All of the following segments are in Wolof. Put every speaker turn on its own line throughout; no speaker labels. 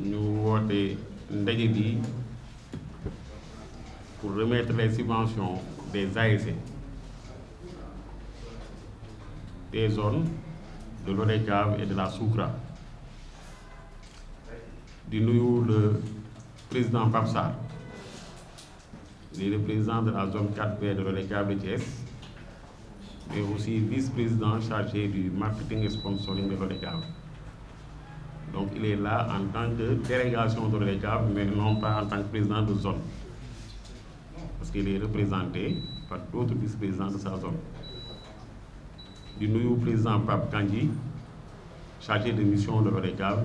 Nous avons des pour remettre les subventions des ASC e, des zones de l'ODCAV et de la Soukra. De nuyu le président Papsar, le président de la zone 4B de l'ODCAV mais aussi vice-président chargé du marketing et sponsoring de l'ODCAV donc il est là en tant que délégation de l'ODECAV, mais non pas en tant que président de zone. Parce qu'il est représenté par d'autres vice-présidents de sa zone. Du nouveau président Pape Kandji, chargé de mission de l'ORECAV.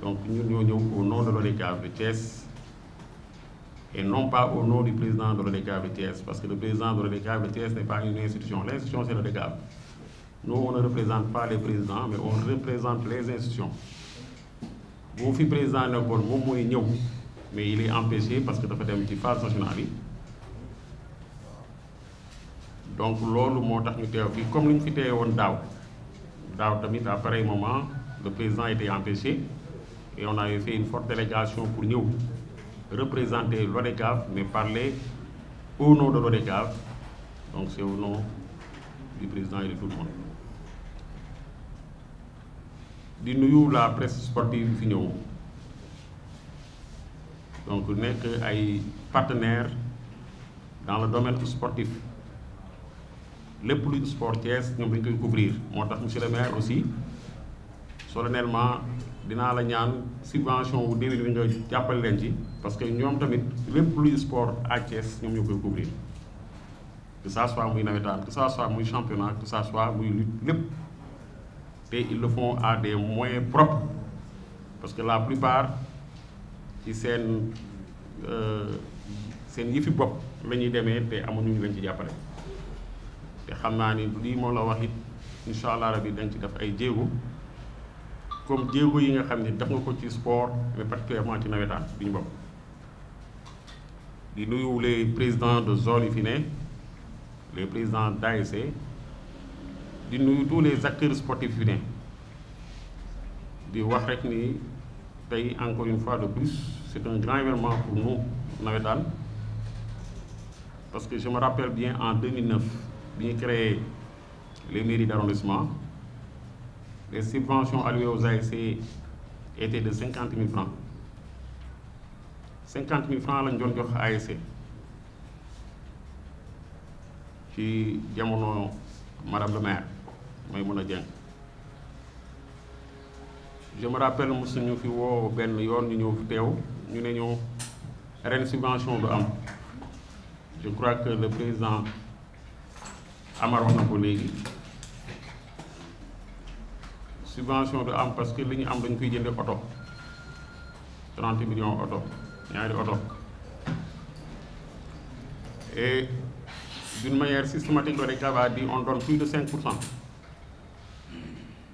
Donc nous sommes au nom de l'ORECAV de et non pas au nom du président de l'ORECAV de parce que le président de l'ORECAV de n'est pas une institution. L'institution, c'est l'ORECAV. Nous, on ne représente pas les présidents, mais on représente les institutions. Vous faites président de la mais il est empêché parce qu'il a fait une phase nationales. donc c'est ce ñu comme li ñu fi DAO, à pareil moment le président était empêché et on avait fait une forte délégation pour nous, représenter l'ODCAV mais parler au nom de l'ODCAV donc c'est au nom du président et de tout le monde di nuyu la presse sportive fi ñëw donc nekk ay partenaires dans le domaine sportif lépp de sport nous ñoom dañ koy couvrir Je tax monsieur le maire aussi solennellement dinaa la ñaan subvention wu déwén bi nga jàppale leen ci parce que ñoom tamit lépp luy sport à Thiès ñoom ñoo couvrir que ça soit muy nawetaan que ça soit muy championnat que ça soit muy lutte et ils le font à des moyens propres parce que la plupart ils sont euh, seen yëfi bopp mais ñuy demee te amuñu ñu leen ci jàppale te xam naa ni lii la wax inshallah, rabi comme Diego yi nga xam le nga ko sport mais particulièrement ci le bi ñu bopp di nuyu les présidents de zone Finé les présidents d'ASC e. di nuyu tous les acteurs sportifs finés de wax rek ni encore une fois de plus c'est un grand événement pour nous nawetaan parce que je me rappelle bien en 2009 bien créé les mairies d'arrondissement les subventions allouées aux ASC étaient de 50 000 francs 50 000 francs lañ doon jox ASC ci jamono madame le maire Dieng je me rappelle que ñu fi fait benn yoon ñu fi subvention de am je crois que le président Amar ko subvention de am parce que li ñu am dañ koy jënde 30 millions d'auto, auto. et d'une manière systématique le dit on donne plus de 5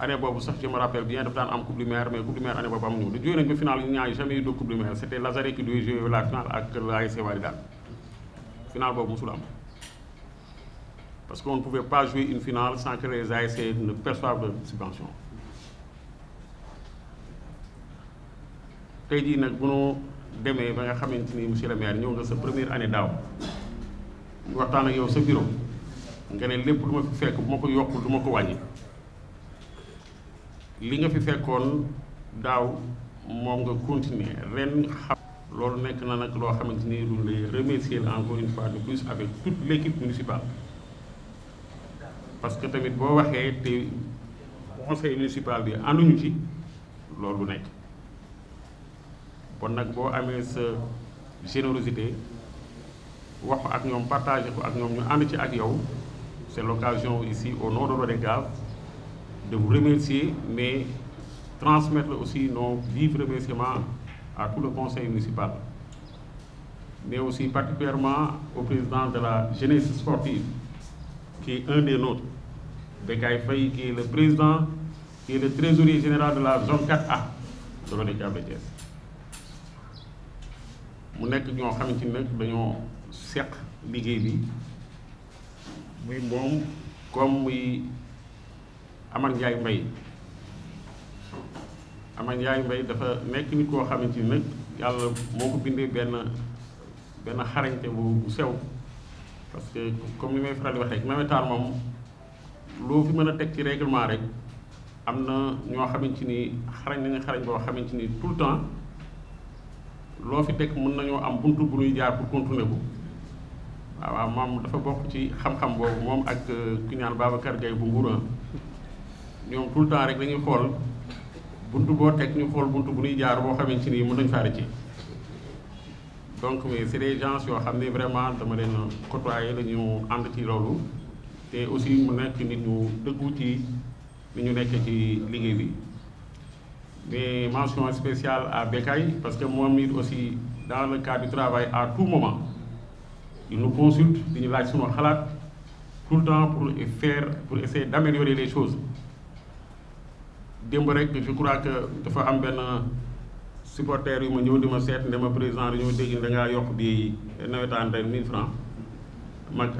année bobu sax je me rappelle bien daf am coupe du maire mais coupe du maire année boobu amuñu lu joué nañu ba final ñu ñaari jamais eu de coupe du maire c'était Lazare qui devait jouer la finale ak l'ASC Walidane final bobu musul am parce qu'on ne pouvait pas jouer une finale sans que les ASC ne perçoivent de subvention tay di nak bu ñu demee ba nga xamante monsieur le maire ñëw nga sa première année daw waxtaan ak yow sa bureau nga ne lépp lu fi fekk bu ma yokku duma ko wañi li nga fi fekkoon daaw moom nga continuer ren xam loolu nekk na nag loo xamante ni lu lay remercier la encore une fois de plus avec toute l' équipe municipale parce que tamit boo waxee te conseil municipal bi anduñu ci loolu nekk bon nag boo amee sa générosité wax ak ñoom partagé ko ak ñoom ñu ànd ci ak yow c' est l' occasion ici au nom de l'ODCAV de vous remercier, mais transmettre aussi nos vifs remerciements à tout le conseil municipal, mais aussi particulièrement au président de la jeunesse sportive, qui est un des nôtres, de qui est le président et le trésorier général de la zone 4A de l'ONECAB Nous avons Nous comme Amar Ndiaye Mbaye Amar Ndiaye Mbaye dafa nekk nit koo xamante ni nag yàlla moo ko bindee benn benn xarañte bu sew parce que comme ni may faral di wax rek nawetaan moom loo fi mën a teg ci réglement rek am na ñoo xamante ni xarañ nañu xarañ boo xamante ni tout le temps loo fi teg mun nañoo am buntu bu ñuy jaar pour contourner ko waaw moom dafa bokk ci xam-xam boobu moom ak euh, ku ñaan Babacar Gueye bu Nguuran ñoom tout le temps rek dañuy xool buntu boo teg ñu xool buntu bu ñuy jaar boo xamee ci nii mën nañu faa donc mais c'est des gens yoo xam ne vraiment dama leen côtoyé la ñu ànd ci loolu te aussi mu nekk nit ñu dëggu ci ni ñu nekk ci liggéey bi mais mention spéciale à Bécaye parce que moom it aussi dans le cadre du travail à tout moment il nous consulte di ñu laaj sunu xalaat tout le temps pour faire pour essayer d'améliorer les choses rek je crois que dafa am supporter yu ma ñëw ma président dégg francs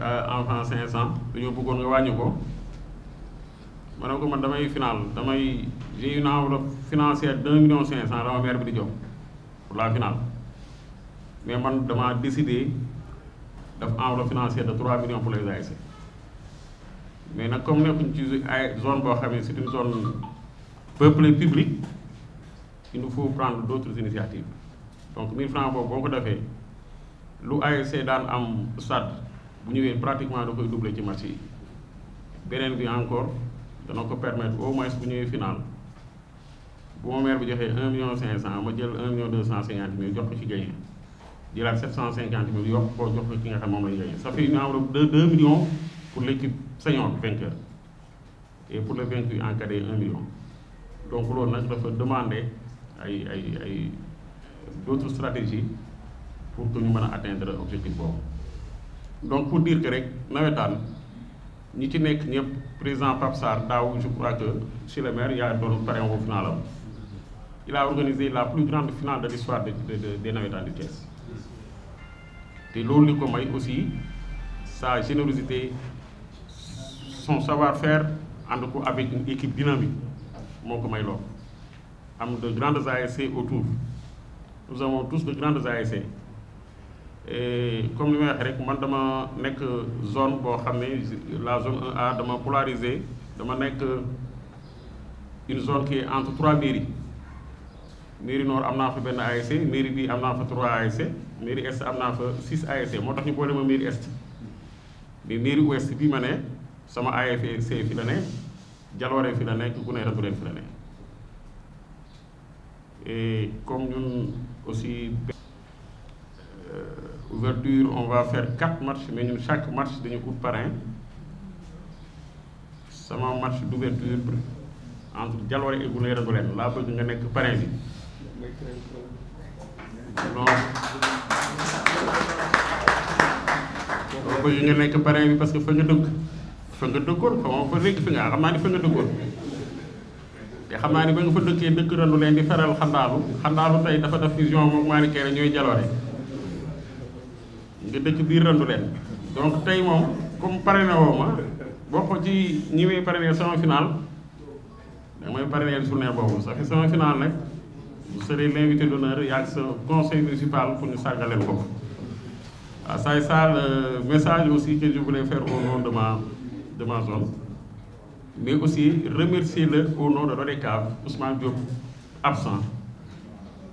euh, enfant j'ai une enveloppe financière d'un pour la finale mais man dama décidé daf enveloppe financière de 3 millions pour les mais comme ci zone boo c'est une zone peuple public il nous faut prendre d'autres initiatives donc 1000 francs pour beaucoup de defee lu dans un am stade bu pratiquement doublé doubler ci match yi encore dana nous permettre au moins bu ñëwee final bu mon maire vous avez 1 million 500 ma jël 1 million 250 000, jox ko ci gagné Il 750 000, 750 ko jox ko gagné ça fait une enveloppe de 2 millions pour l'équipe senior vainqueur et pour le vaincu encadré 1 million donc loolu nag dafa demander d'autres stratégies pour que nous puissions atteindre l'objectif. donc pour dire que rek nawetaan ñi ci nekk ñëpp président Pape Sarr je crois que chez le maire a doon parrain final. il a organisé la plus grande finale de l'histoire de des nawetaan de Thiès te loolu li ko aussi sa générosité son savoir-faire avec une équipe dynamique moo ko may lool am de grandes ASC autour nous avons tous de grandes ASC et comme li may waxee rek man dama nekk zone boo xam ne la zone 1A dama polarisé dama nekk une zone qui est entre trois mairies mairie nord am naa fa benn ASC mairie bi am naa fa trois ASC mairie est am naa fa six ASC moo tax ñu boole ma mairie est mais mairie ouest bii ma ne sama ASC fi la ne jaloore fi la nekk ku ne ratu leen fi la nekk et comme ñun aussi euh, ouverture on va faire quatre matchs mais ñun chaque match dañu ut parrain sama match d'ouverture entre Jaloore et Guney Redu Leen laa bëgg nga nekk parrain bi non laa bëgg nga nekk parrain bi parce que fa nga dëkk fa nga dëkkoon xaw ma fa léegi fi nga xam naa ne fa nga dëkkoon te xam naa ne ba nga fa dëkkee dëkk randu leen di feral xandaalu xandaalu tey dafa def fusion moom maani kere ñooy jaloore nga dëkk biir randu leen donc tey moom comme parrainé woo ma bokk ci ñi may parrainé sama final da may parrainé journée boobu sax sama final nag vous serez l'invité d'honneur yaa sa conseil municipal pour ñu sàggaleen ko waaw ah, ça c'est message aussi que je voulais faire de ma zone, mais aussi remercier le, au nom de l'ODECAV, Ousmane Diop, absent,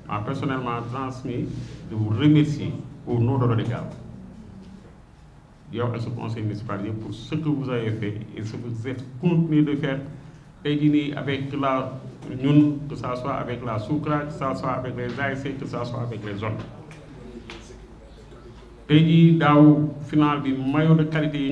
a personnellement transmis de vous remercier au nom de l'ODECAV. Je ce conseil municipal pour ce que vous avez fait et ce que vous êtes contenu de faire avec la nous, que ce soit avec la Soukra, que ce soit avec les AIC, que ce soit avec les autres. pays final maillot de qualité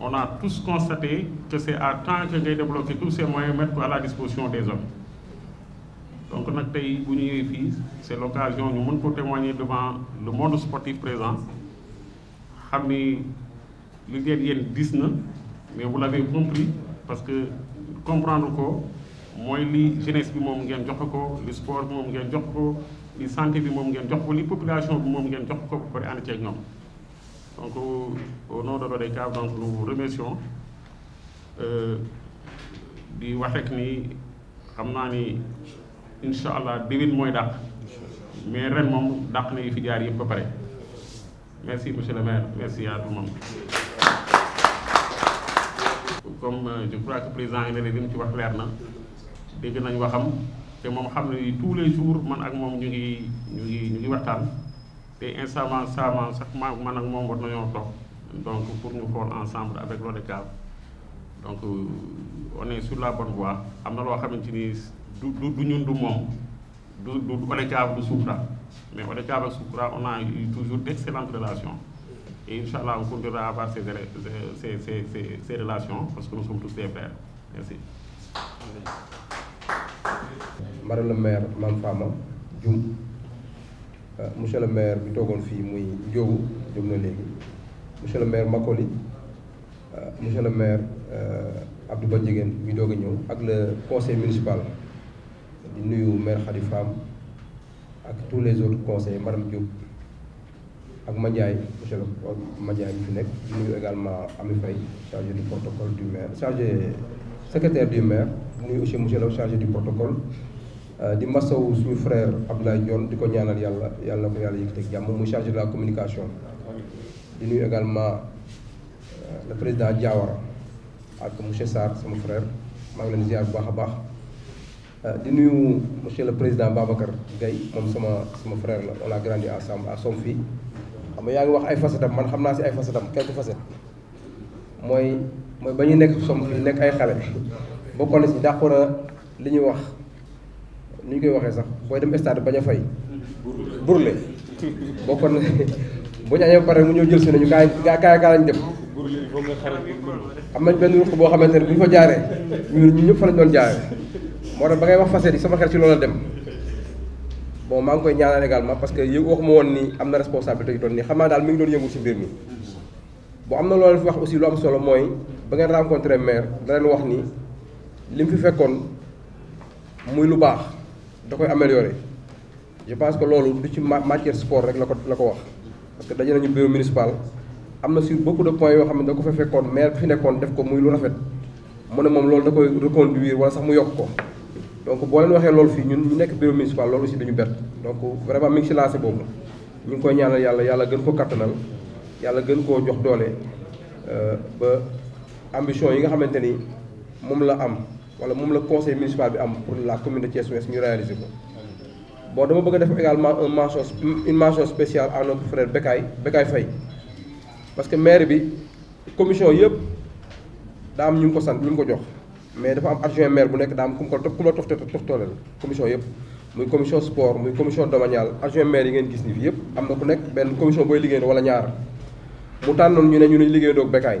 on a tous constaté que c'est à temps que j'ai débloqué tous ces moyens mettre à la disposition des hommes donc on a payé c'est l'occasion de témoigner devant le monde sportif présent xam ni li mais vous l'avez compris parce que comprendre ko Moi, li jeunesse le sport la santé la population pour les donc, au, au nom de l'ODECAV, donc, nous vous remercions. Euh, di wax ni amna ni inshallah allah moy mooy dàq mais ren moom dàq na fi jaar pare merci monsieur le maire merci à tout le monde. comme euh, je crois que président yi ne li mu ci wax leer na dégg nañ waxam te moom tous les jours man ak nous ñu ngi ñu ngi ñu ngi et instamment savant sax maa man ak donc pour nous faire ensemble avec l'ODCAV donc euh, on est sur la bonne voie amna na loo xamante ni du du du ñun du Soukra mais ODCAV ak Soukra on a eu toujours d'excellentes relations et Inch'Allah, on continuera à avoir ces ces ces ces relations parce que nous sommes tous des frères merci.
Madame le maire Mame Fama euh, monsieur le maire bi toogoon fi muy Ndiogu jóg na monsieur le maire Makoli euh, monsieur le maire euh, Abdou Ba Njigéen bi maire a ak le conseil municipal di nuyu maire Khady ak tous les autres conseillers madame Diop ak madjay monsieur le madjay fi nek nuyu également Ami chargé du protocole du maire chargé secrétaire du maire nous nuyu aussi monsieur le chargé du protocole euh, di massaw suñu frère Abdoulaye Dion di ko ñaanal yàlla yàlla na ko yàlla yëkkati ak jàmm mu chargé de la communication di nuyu également euh, le président Diawara ak monsieur Sarr sama frère maa ngi leen ziar bu baax a baax euh, di nuyu monsieur le président Babacar Gueye moom sama sama frère la on a grandi ensemble à Somfi xam nga yaa ngi wax ay facettes man xam naa si ay facettes quelques facettes mooy mooy ba ñuy nekk Somfi nekk ay xale bokkoon na si dàqu na li ñuy wax. ni ñu koy waxee sax booy dem stade bañ fay. burle bokkoon bu ñu añee ba pare mu ñëw jël si nañu kaay kaay kaay lañ dem. am nañ benn ruq boo xamante ne bu ñu fa jaaree ñun ñëpp fa lañ doon jaaree moo tax ba ngay wax faset yi sama xel ci loolu la dem. bon maa ngi koy ñaanal également parce que yow waxuma woon ni am na responsabilité yu doon nii xam naa mi ngi doon yëngu ci mbir mi. bu am na loolu fi wax aussi lu am solo mooy ba ngeen rencontré maire da leen wax ni li fi fekkoon muy lu baax. da koy améliorer je pense que loolu du ci matière sport rek la ko la ko wax parce que daje nañu bureau municipal am na sur beaucoup de yoo xam ne da ko fa fekkoon maire bi fi nekkoon def ko muy lu rafet mu ne moom loolu da koy reconduire wala sax mu yokk ko donc boo leen waxee loolu fii ñun ñu nekk bureau municipal loolu aussi dañu bett donc vraiment mi ngi si lancé boobu ñu ngi koy ñaanal yàlla yàlla gën ko kattanal yàlla gën koo jox doole euh, ba ambition yi nga xamante ni moom la am wala moom le conseil municipal bi am pour la commune de Thiès Ouest ñu réaliser bon dama bëgg a également un mention une mention spéciale à notre frère Bekay Bekay Faye parce que maire bi commission yëpp daa am ñu ngi ko sant ñu ko jox mais dafa am adjoint maire bu nek da am ku mu ko ku la commission yëpp muy commission sport muy commission domanial adjoint maire yi ngeen gis ni fi yëpp am na ku nek ben commission boy liggéey wala ñaar mu tànnoon ñu ne ñu ne liggéey doog Bekay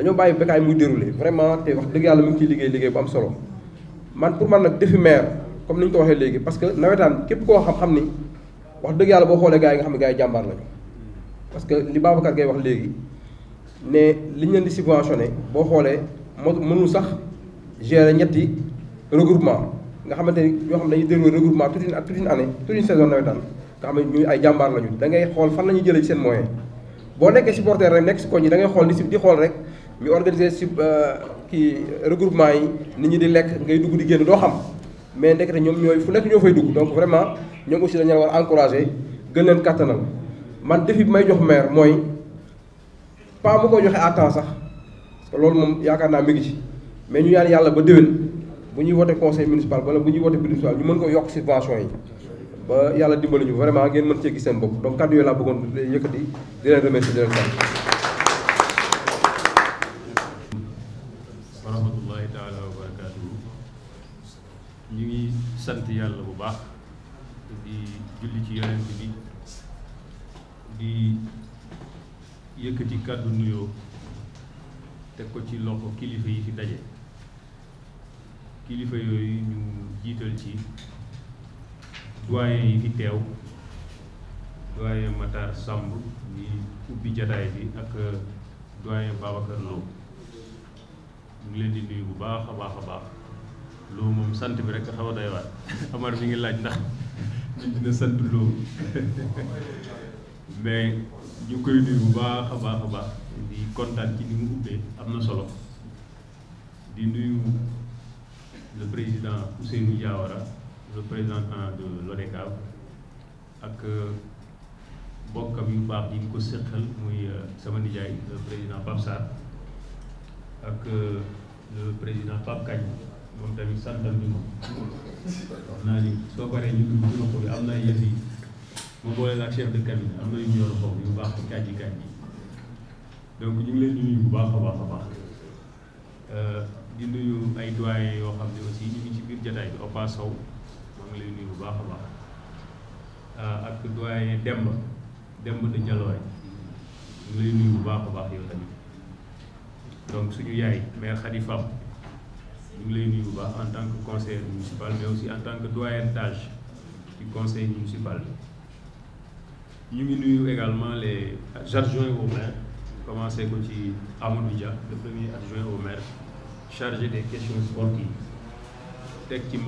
dañoo bàyyi Bécaye muy déroulé vraiment te wax dëgg yàlla mu ngi ciy liggéey liggéey bu am solo man pour man nag defi maire comme ni ñu ko waxee léegi parce que nawetaan képp koo xam-xam ni wax dëgg yàlla boo xoolee gars yi nga xam ne gars yi jàmbaar lañu parce que li Babacar Gueye wax léegi ne li ñu leen di subventionné boo xoolee moo mënul sax gérer ñetti regroupement nga xamante ni yoo xam ne dañuy déroulé regroupement toute une toute une année toute une saison nawetaan nga xam ne ñu ay jàmbaar lañu da ngay xool fan la ñuy seen moyen boo nekkee supporter rek nekk si koñ yi da xool di si di xool rek ñu organiser si euh, kii regroupement yi nit ñi di lekk ngay dugg di génn doo xam mais ndekete ñoom ñooy fu nekk ñoo fay dugg donc vraiment ñoom aussi dañu war a encourager gën leen kattanal man defi bi may jox maire mooy pas mu ko joxe à temps sax parce que loolu moom yaakaar naa mi ngi ci mais ñu ñaan yàlla ba déwén bu ñuy wote conseil municipal wala bu ñuy wote municipal ñu mën ko yokk subvention yi ba yàlla dimbali ñu vraiment ngeen mën cee gis seen bopp donc kàddu yooyu
sant yàlla bu baax di julli ci yonent bi di yëkkati kàddu nuyoo te ko ci loxo kilifa yi fi daje kilifa yooyu ñu jiital ci doyen yi fi teew doyen Matar Samb di ubbi jataay bi ak doyen Babacar Lo ñu leen di nuyu bu baax a baax a baax loolu moom sant bi rek xaw a doy waar Amar mi ngi laaj ndax
ñu dina sant loo
mais ñu koy nuyu bu baax a baax a baax di kontaan ci ni mu ubbee am na solo di nuyu le président Ousseynou Diawara le représentant de l'ODECAV ak euh, bokkam yu baax yi ñu ko séqal muy euh, sama nijaay le président Pape ak euh, le président Pape moom tamit santal ñu ko wax naa ni soo paree ñu dugg am na yëf yi mu de cabinet am na yu ñu yor foofu yu baax kàjj donc ñu ngi bu baax a baax a euh, ay doyen yoo xam ne aussi ñu ngi ci biir jataay bi Opa bu baax euh, ak doyen Demba Demba de Jalooy ñu lay nuyu bu baax a baax yow tamit donc suñu yaay mère Khady Fam nous ngi en tant que conseiller municipal mais aussi en tant que doyen d'âge du conseil municipal Nous ngi également les adjoints au maire commencé ko ci Amadou Dia le premier adjoint au maire chargé des questions sportives teg ci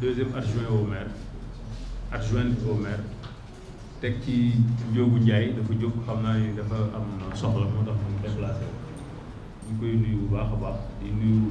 deuxième adjoint au maire adjoint au maire teg ci Ndiogou Ndiaye dafa jóg xam naa ni dafa am soxla moo tax mu déplacer. Nous koy nuyu bu baax baax di nuyu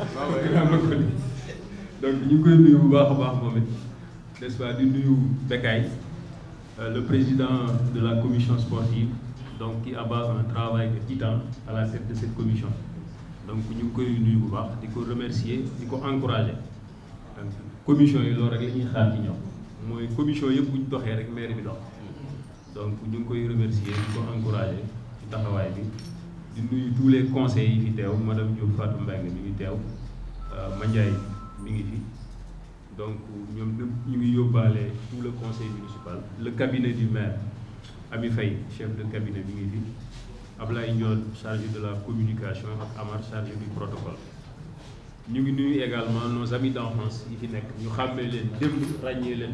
Ah donc ñu ngi koy nuyu bu baax baax n'est-ce pas di nuyu Bekay euh, le président de la commission sportive donc qui abat un travail de titan à la tête de cette commission donc ñu ngi koy nuyu bu baax remercier diko encourager donc commission yi lo rek lañuy xaar ci ñoom Moy commission yëpp bu doxé rek maire bi dox donc ñu koy remercier diko encourager ci bi nous tous les conseils madame Fatou donc ngi le conseil municipal le cabinet du maire Ami Faye chef de cabinet mi ngi fi chargé de la communication ak Amar chargé
du protocole
ngi également nos amis d'enfance fi ñu leen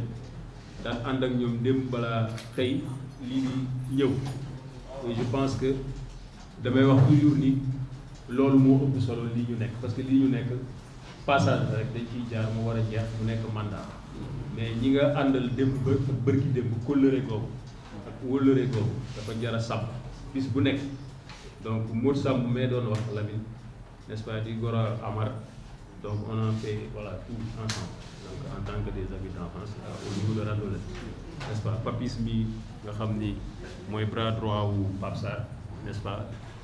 leen ak je pense que damay wax toujours ni loolu moo ëpp solo li ñu nekk parce que li ñu nekk passage rek dañ ciy jaar mu war a jeex mu nekk mandat mais ñi nga àndal démb ba ak démb googu ak googu dafa jar a sàmm bis bu nekk donc Mour Samb mais doon wax Lamine n' est ce pas di Gora Amar donc on en fait voilà tout ensemble donc en tant que des amis d'enfance euh, au niveau de nespa. n' est ce pas Papis mi nga xam ni mooy bras droit wu Pape Sarr n' est ce pas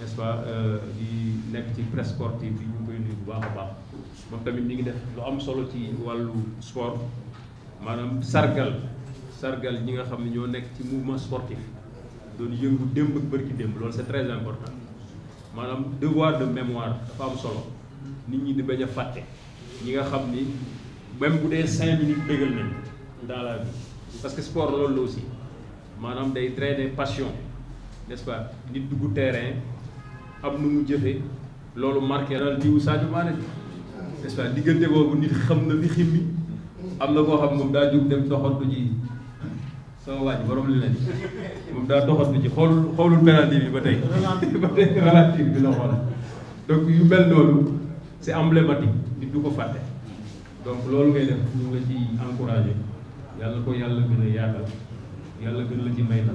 n'est-ce pas euh, di nekk ci presse sportive bi ñu koy nuyu bu baax a baax moom tamit mi ngi def lu am solo ci wàllu sport maanaam sargal sargal ñi nga xam ne ñoo nekk ci mouvement sportif doon yëngu démb ak bërki démb loolu c'est très important maanaam devoir de mémoire dafa am solo nit ñi di bañ a fàtte ñi nga xam ni même bu dee cinq minutes bégal nañ dans la vie parce que sport loolu la aussi maanaam day traîner passion n'est-ce pas nit dugg terrain am nu mu jëfee loolu marqué na diwu Sadio Mané n'est-ce pas diggante boobu nit xam na li ximmi am na koo xam moom daa jóg dem doxantu ji sama waaj borom li leen moom daa doxantu ji xoolul xoolul penalty bi ba tey ba tey relative bi la xoolal donc yu mel noonu c'est emblématique nit du ko fàtte donc loolu ngay def ñu ngi la ci encouragé yàlla ko yàlla gën a yaatal yàlla gën la ci may la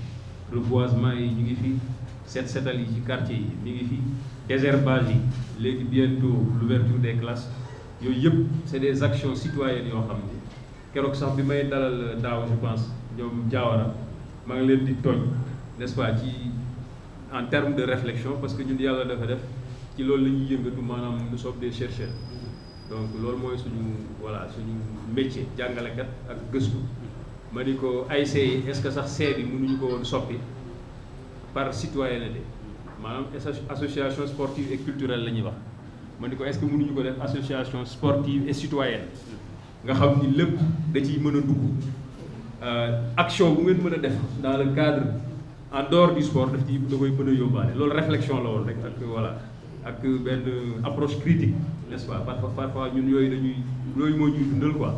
reboisement yi ñu ngi fi set setal yi ci quartier yi ñu ngi fi désherbage yi léegi bientôt l'ouverture des classes yooyu yëpp c'est des actions citoyennes yoo xam ne keroog sax bi may dalal daaw je pense ñoom Diawara maa ngi leen di tooñ n'est-ce pas ci en termes de réflexion parce que ñun yàlla dafa def ci loolu la ñuy yëngatu maanaam nous sommes des chercheurs donc loolu mooy suñu voilà suñu métier jàngalekat ak gëstu ma ni ko ASC yi est-ce que sax see bi mënuñu ko won soppi par citoyenneté manam association sportive et culturelle lañuy wax ma ni ko est-ce que mënuñu ko def association sportive et citoyenne nga xam ni lépp da ci mën dugg euh action bu ngeen mën def dans le cadre en dehors du sport daf ci da koy mën a yóbbaale loolu réflexion la won rek ak voilà ak benn approche critique n'est-ce pas parfois parfois ñun yooyu dañuy yooyu moo ñuy dundal quoi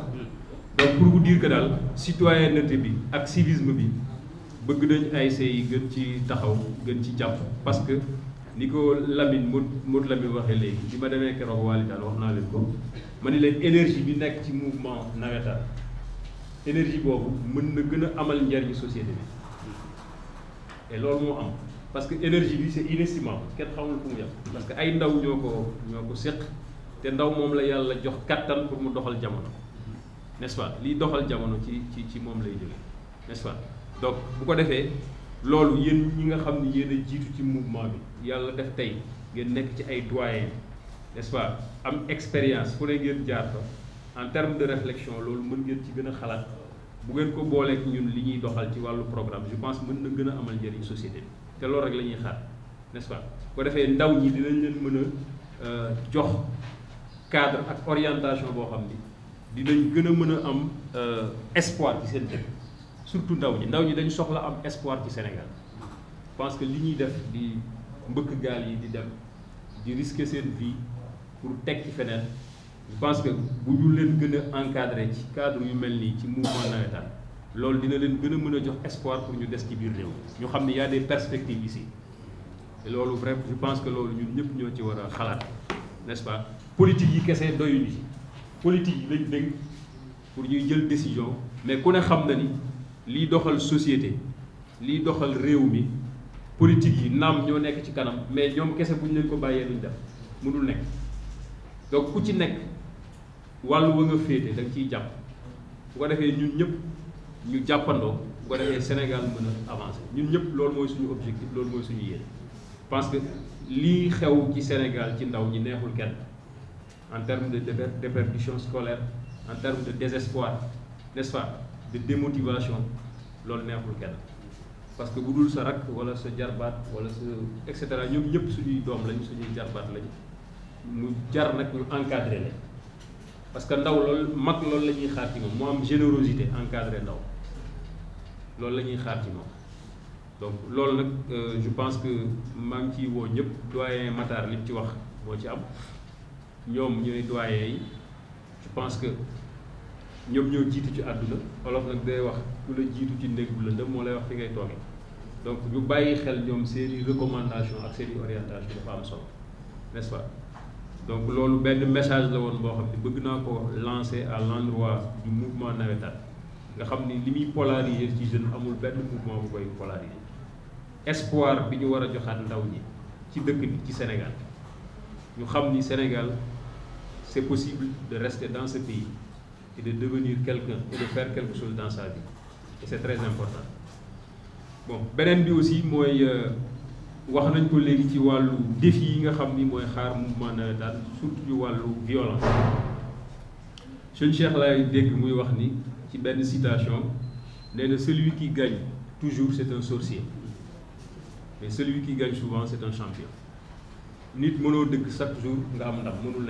donc pour vous dire que daal citoyenneté bi ak civisme bi bëgg nañ ASC yi gën ci taxaw gën ci jàpp parce que ni ko Lamine Mod Mod Lamine waxee léegi bi ma demee keroog waali daal wax naa leen ko ma ni leen énergie bi nekk ci mouvement nawetaan énergie boobu mën na gën a amal njariñu société bi et loolu moo am parce que énergie bi c'est inestimable kenn xamul fu mu yem parce que ay ndaw ñoo ko ñoo ko séq te ndaw moom la yàlla jox kattan pour mu doxal jamono n'est-ce pas liy doxal jamono ci ci ci moom lay jógee n'est-ce donc bu ko defee loolu yéen ñi nga xam ne yéen a jiitu ci mouvement bi yàlla def tey ngeen nekk ci ay doyen n'est-ce pas am expérience fu ne ngeen jaar fa en terme de réflexion loolu mën ngeen ci gën a xalaat bu ngeen ko booleek ñun li ñuy doxal ci wàllu programme je pense mën na gën a amal njëriñ société bi te loolu rek la ñuy xaar n'est-ce pas bu ko defee ndaw ñi dinañ leen mën a euh, jox cadre ak orientation boo xam ni dinañ gën a mën a am euh, espoir ci seen dëkk surtout ndaw ñi ndaw ñi dañu soxla am espoir ci Sénégal parce que li ñuy def di mbëkk gaal yi di dem di risquer seen vie pour teg ci feneen je pense que bu ñu leen gën a encadré ci cadre yu mel nii ci mouvement nawetaan loolu dina leen gën a mën a jox espoir pour ñu des ci biir réew ñu xam ne y a des perspectives ici te loolu vraiment je pense que loolu ñun ñëpp ñoo ci war a xalaat n'est-ce pas politique yi kese doyuñu ci politique pour ñuy jël décision mais ku ne xam na ni doxal société doxal politique yi ci kanam mais ñoom kese buñ ko bàyyee duñ def mënul donc ku ci wa nga ciy ñun ñëpp ñu Sénégal mën avancer ñun ñëpp suñu objectif loolu mooy suñu parce que lii xew ci Sénégal ci ndaw en termes de déperdition scolaire, en termes de désespoir, n'est-ce pas, de démotivation loolu neexul kenn parce que bu dul sa rak wala sa voilà wala etc. et cetera ñoom ñëpp suñuy doom lañ suñuy jarbaat lañ mu jar nag ñu encadré leen parce que ndaw l'ol mak l'ol la ñuy xaar ci moom am générosité encadré ndaw l'ol la xaar ci donc l'ol nag euh, je pense que Manki ngi ciy woo ñëpp doyen Matar li ci wax ci am ñoom ñu ni je pense que ñoom ñoo jiitu ci àdduna olof nag day wax ci lay wax fi ngay donc ñu bàyyi xel recommandation ak orientation dafa am n'est-ce pas donc loolu benn message la woon boo xam lancer à l'endroit du mouvement nawetaan nga xam ni polariser ci jeune amul mouvement espoir bi ñu war a ndaw ñi ci dëkk bi Sénégal ñu Sénégal c'est possible de rester dans ce pays et de devenir quelqu'un et de faire quelque chose dans sa vie. Et c'est très important. Bon, Benen bi aussi moi, euh, wax nañ ko léegi ci wàllu défi yi nga xam ni mooy xaar mouvement navétane surtout ci wàllu violence. Sëñ Cheikh laay dégg muy wax ni ci benn citation celui qui gagne toujours c'est un sorcier mais celui qui gagne souvent c'est un champion. nit mënoo chaque jour nga am ndam mënul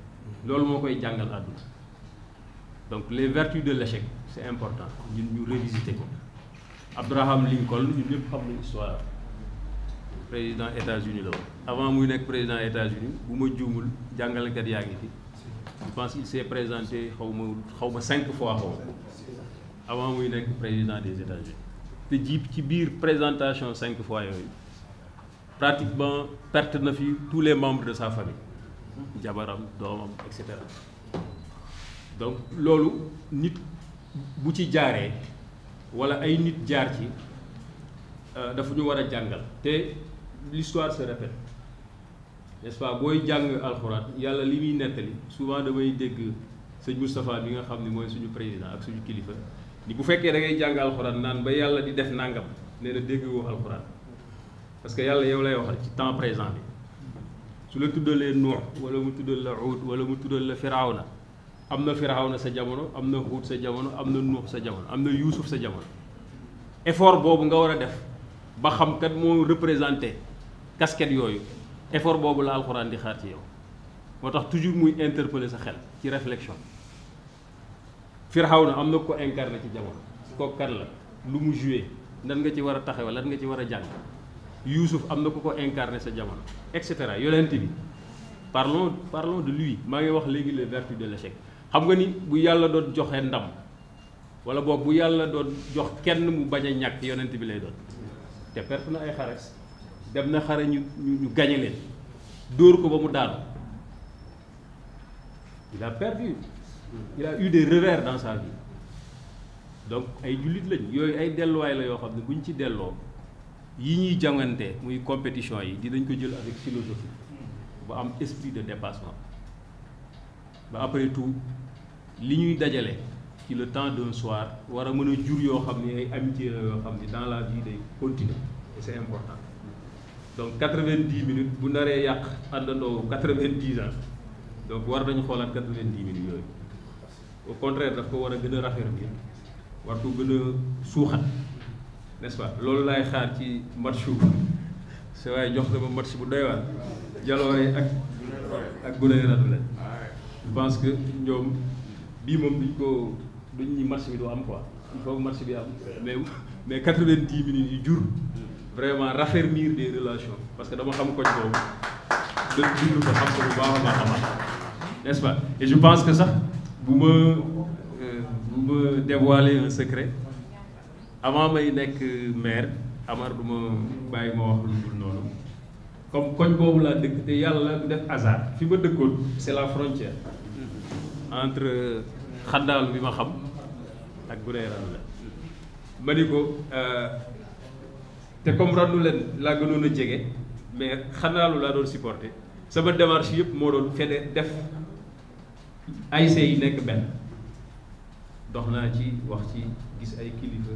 loolu moo koy jàngal donc les vertus de l'échec c'est important ñun ñu revisiter ko Abraham Lincoln ñun ñëpp xam nañu histoire président États-Unis la avant muy nekk président États-Unis bu ma juumul jàngalekat yaa ngi fi je pense il s'est présenté xaw ma cinq fois xaw avant muy nekk président des États-Unis te dit ci biir présentation cinq fois pratiquement perte na fi tous les membres de sa famille jabaram doomam et donc loolu nit bu ci jaaree walla ay nit jaar ci euh, dafa ñu war a jàngal te l'histoire se répète n'est-ce pas booy jàng alxuraan yàlla li muy nettali souvent damay dégg sëñ Moustapha bi nga xam ni mooy suñu président ak suñu kilifa ni bu fekkee da ngay jàng alxuraan naan ba yàlla di def nàngam nee na dégg woo alxuraan parce que yàlla yow lay waxal ci temps présent bi سلو تدل نوح ولا متدل عود ولا متدل فرعون أمنا فرعون سجمنا أمنا هود سجمنا أمنا نوح سجمنا أمنا يوسف سجمنا إفور بوب نغورا دف بخم كد مو ريبريزانتي كاسكت يوي إفور بوب لا القرآن دي خاتي يو وطاق تجور مو انتربولي سخل كي رفلكشن فرعون أمنا كو انكارنا كي كو كارلا لومو جوي نانغا تي ورا تخيوا لانغا تي ورا yusuf am na ku ko incarné sa jamono et cetera yonent bi parlons parlons de lui maa ngi wax léegi les vertus de l'échec xam nga ni bu yàlla doon joxe ndam wala boog bu yàlla doon jox kenn mu bañ a ñàkk bi lay doon te perte na ay xares dem na xare ñu ñu gañe leen dóor ko ba mu daanu il a perdu il a eu des revers dans sa vie donc ay jullit lañ yooyu ay delluwaay la yoo xam buñ ci delloo yi ñuy jongante muy compétition yi dinañ ko jël avec philosophie ba am esprit de dépassement ba après tout li ñuy dajale ci le temps d'un soir war a mën a jur yoo xam ay amitié la yoo xam dans la vie day continuer et c'est important donc quatre-vingt-dix minutes bu naree yàq àndandoo quatre-vingt-dix ans donc war nañu xoolaat quatre-vingt-dix minutes yooyu au contraire daf ko war a gën a raffermir war ko gën a suuxat n'est-ce pas lolou lay xaar ci matchu c'est way jox na ma match bu doy waar jaloore ak ak Bouneuil len je pense que ñom bi mom duñ ko duñ ni match bi do am quoi il faut que match bi am mais mais quatre minutes yu jur vraiment raffermir des relations parce que dama xam ko ci boobu dund ko xam ko bu baax a baax baax n'est-ce pas et je pense que sax bu ma euh, bu ma dévoiler un secret avant may nekk maire Amar du ma bàyyi ma wax lu noonu comme koñ boobu laa dëkk te yàlla du def hasard fi ma dëkkoon c'est la frontière entre xaddaal bi ma xam ak Goudiran la ma ni ko euh, te comme randu leen laa gënoon a jege mais xadaalu laa doon supporté sama démarche yëpp moo doon fede def ASC yi nekk benn dox naa ci wax ci gis ay kilifa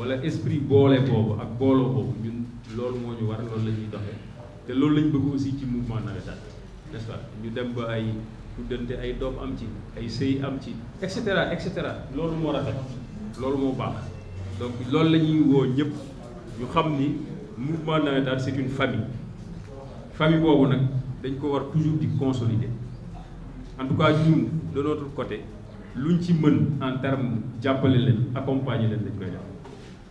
wala esprit boole boobu ak booloo boobu ñun loolu moo ñu war loolu la ñuy doxee te loolu bëgg aussi ci mouvement navétane n'est-ce pas ñu dem ba ay tuddante ay doom am ci ay sëy am ci et cetera et cetera loolu moo rafet loolu moo baax donc loolu la ñuy woo ñëpp ñu xam ni mouvement navétane c'est une famille famille boobu nag dañ ko war toujours di consolider en tout cas ñun de notre côté luñ ci mën en terme jàppale leen accompagner leen dañ koy def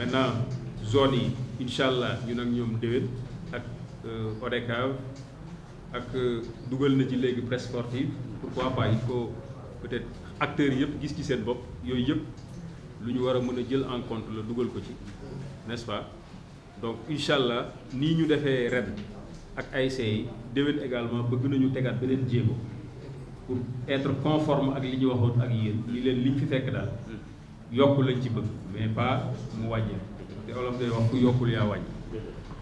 maintenant zone yi incha allah ñun ñoom déwén ak euh, ODCAV ak euh, dugal na ci léegi presse sportive pourquoi pas il faut peut-être acteurs yëpp gis ci seen bopp yooyu yëpp lu ñu war a mën a jël en compte la dugal ko ci n'est-ce pas donc incha allah nii ñu defee ren ak ASC yi déwén également bëgg nañu tegaat beneen jéego pour être conforme ak li ñu waxoon ak yéen li leen liñ fi fekk daal yokk lañ ci bëgg mais pas mu wàññi te olof day wax ku yokkul yaa wàññi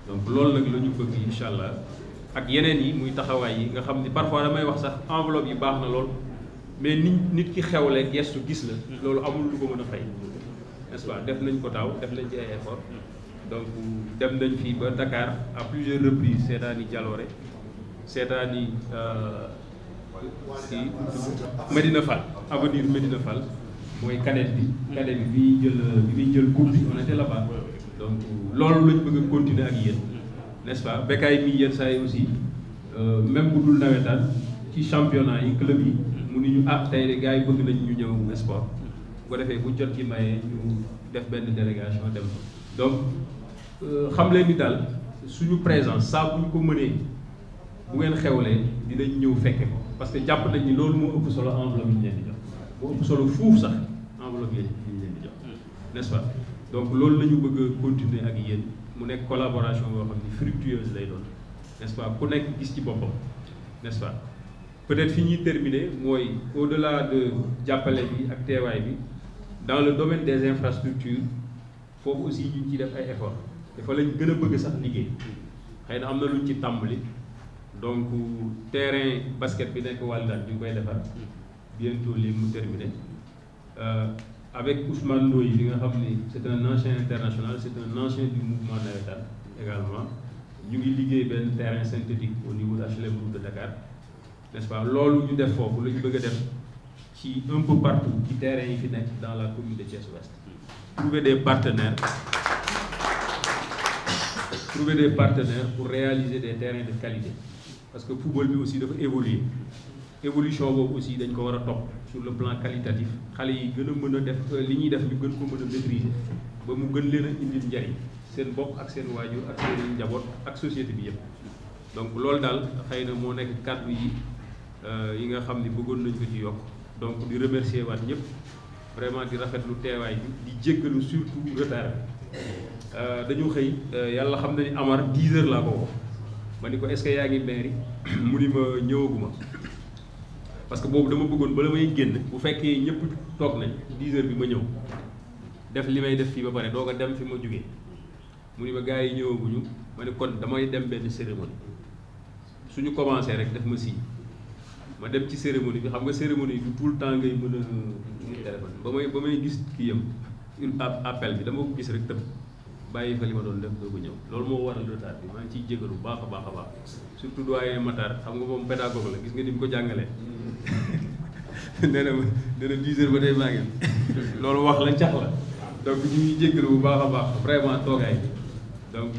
donc loolu nag la ñu bëgg incha allah ak yeneen yi muy taxawaay yi nga xam ni parfois damay wax sax enveloppe yi baax na lool mais nit nit ki xewle gestu gis la loolu amul lu ko mën a fay n'est-ce pas def nañ ko taaw def nañ ci ay effort donc dem nañ fii ba Dakar à plusieurs reprises seetaani Jaloore seetaani euh, si Medina Fall avenir Medina Fall mooy cadette bi cadette bi bi jël bi muy jël coupe bi on était là-bas donc loolu lañ bëgg a continuer ak yéen n'est-ce pas Bécaye mi yenn saa yi aussi euh, même bu dul nawetaan ci championnat yi club yi mu ñu ah tey de gars yi bëgg nañ ñu ñëw sport bu ko defee bu jot ci maye ñu def benn délégation dem fa donc euh, xam leen ni daal suñu présence saa bu ñu ko mënee bu ngeen xewlee dinañ ñëw fekke ko parce que jàpp nañ ni loolu moo ëpp solo enveloppe yi ñu leen di jox moo ëpp solo fuuf sax enveloppe ñu leen di jox n'est-ce pas donc loolu la ñu bëgg a continuer ak yéen mu nekk collaboration boo xam ni fructueuse lay doon n'est-ce pas ku nekk gis ci boppam n'est-ce pas peut-être fi ñuy terminer mooy au-delà de jàppale bi ak teewaay bi dans le domaine des infrastructures foofu aussi ñu ci def ay efforts dafa lañ gën a bëgg sax liggéey xëy na am na luñ ci tàmbali donc terrain basket bi nekk wàll daal ñu koy defar bientôt lii mu terminer euh, avec Ousmane Loï, c'est un ancien international, c'est un ancien du mouvement l'État également. Nous avons un terrain synthétique au niveau d'HLM de Dakar. N'est-ce pas Lorsque nous avons fait, qui un peu partout, qui terrain dans la commune de Thiès-Ouest. Trouver des partenaires. Trouver des partenaires pour réaliser des terrains de qualité. Parce que le football aussi doit évoluer. L'évolution aussi, à top sur le plan qualitatif. xale yi gën a mën a def li ñuy def ñu gën ko mën a maîtriser ba mu gën leen a indil njariñ seen bopp ak seen waajur ak seen njaboot ak société bi yëpp donc loolu daal xëy na moo nekk kàddu yi euh, yi nga xam ni bëggoon nañ ko ci yokk donc di remercier waat ñëpp vraiment di rafetlu teewaay bi di jéggalu surtout retard bi euh, dañu xëy euh, yàlla xam ne ni Amar 10 heures laa ko woo ma ni ko est yaa ngi mairie mu ni ma ñëwaguma parce que boobu dama bëggoon bala may génn toog nañ dix heures bi ma ñëw def li may def fii ba pare doog a dem fi ma jugee mu ni ma gaa yi ñëwaguñu ma ne kon damay dem benn cérémonie suñu commencé rek def ma si ma dem ci cérémonie bi xam nga cérémonie du tout le temps ngay mën a téléphone ba may ba may gis kii yam appel bi dama ko gis rek tëb bàyyi fa li ma doon def doo ko ñëw loolu moo waral retard bi maa ngi ciy jégalu bu baax a baax a baax surtout doyen Matar xam nga moom pédagogue la gis nga ni mu ko jàngalee. Mm. nee na nee na 10 heures ba tey maa ngi loolu wax la cax la donc ñu ngi jégalu bu baax a baax vraiment toogaay bi donc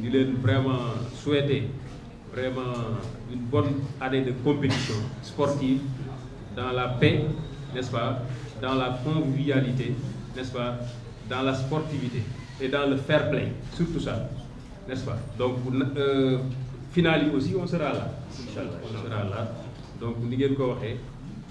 di leen vraiment souhaiter vraiment une bonne année de compétition sportive dans la paix n'est-ce pas dans la convivialité n'est-ce pas dans la sportivité et dans le fair play surtout ça n'est-ce pas donc euh, finale yi aussi on sera là inchallah on sera là donc ni ngeen ko waxee